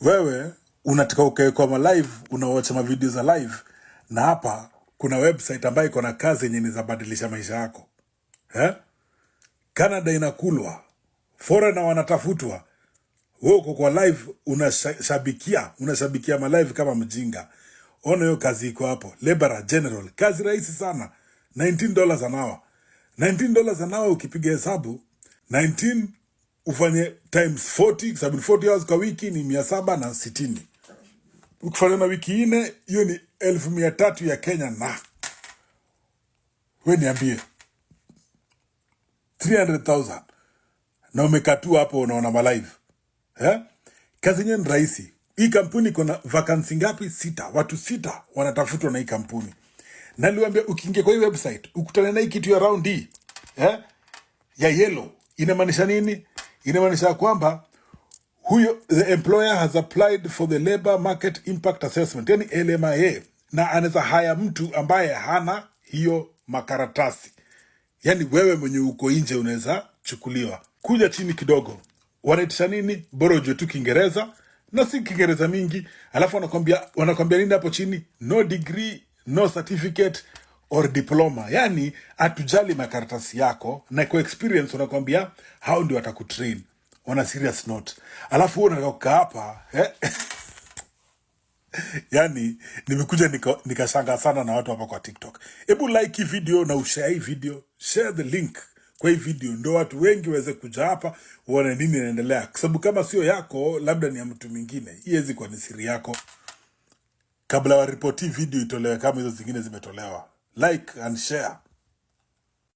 wewe unataka ukae kwa malive, unawacha mavideo za live, na hapa kuna website ambayo iko na kazi yenye nizabadilisha maisha yako eh? Canada inakulwa, forena wanatafutwa, we uko kwa live unashabikia, unashabikia malive kama mjinga. Ona hiyo kazi iko hapo, lebara general, kazi rahisi sana, 19 dollars anawa hour. 19 dollars anawa ukipiga hesabu 19 ufanye times 40 kwa sababu 40 hours kwa wiki ni mia saba na sitini ukifanya na wiki nne hiyo ni elfu mia tatu ya Kenya na we niambie 300,000 na umekatua hapo, unaona malive eh? Kazi yenyewe ni rahisi. Hii kampuni iko na vakansi ngapi? Sita. Watu sita wanatafutwa na hii kampuni. na Naliwambia ukiingia kwa hii website ukutane na hii kitu ya round hii eh, ya yellow inamaanisha nini? inamaanisha kwamba huyo the employer has applied for the labor market impact assessment, yani LMIA, na anaweza haya mtu ambaye hana hiyo makaratasi. Yani wewe mwenye uko nje unaweza chukuliwa. Kuja chini kidogo, wanaitisha nini? Bora ujue tu Kiingereza na si Kiingereza mingi, alafu wanakwambia wanakwambia nini hapo chini? No degree, no certificate or diploma, yani atujali makaratasi yako, na kwa experience unakwambia hao ndio watakutrain wana serious note, alafu huo unataka kukaa hapa eh? Yani nimekuja nikashanga nika sana na watu hapa kwa TikTok. Hebu like hii video na ushare hii video, share the link kwa hii video ndo watu wengi waweze kuja hapa uone nini inaendelea, kwa sababu kama sio yako, labda ni ya mtu mwingine. Hii haiwezi kuwa ni siri yako. Kabla wa ripoti video itolewe, kama hizo zingine zimetolewa. Like and share.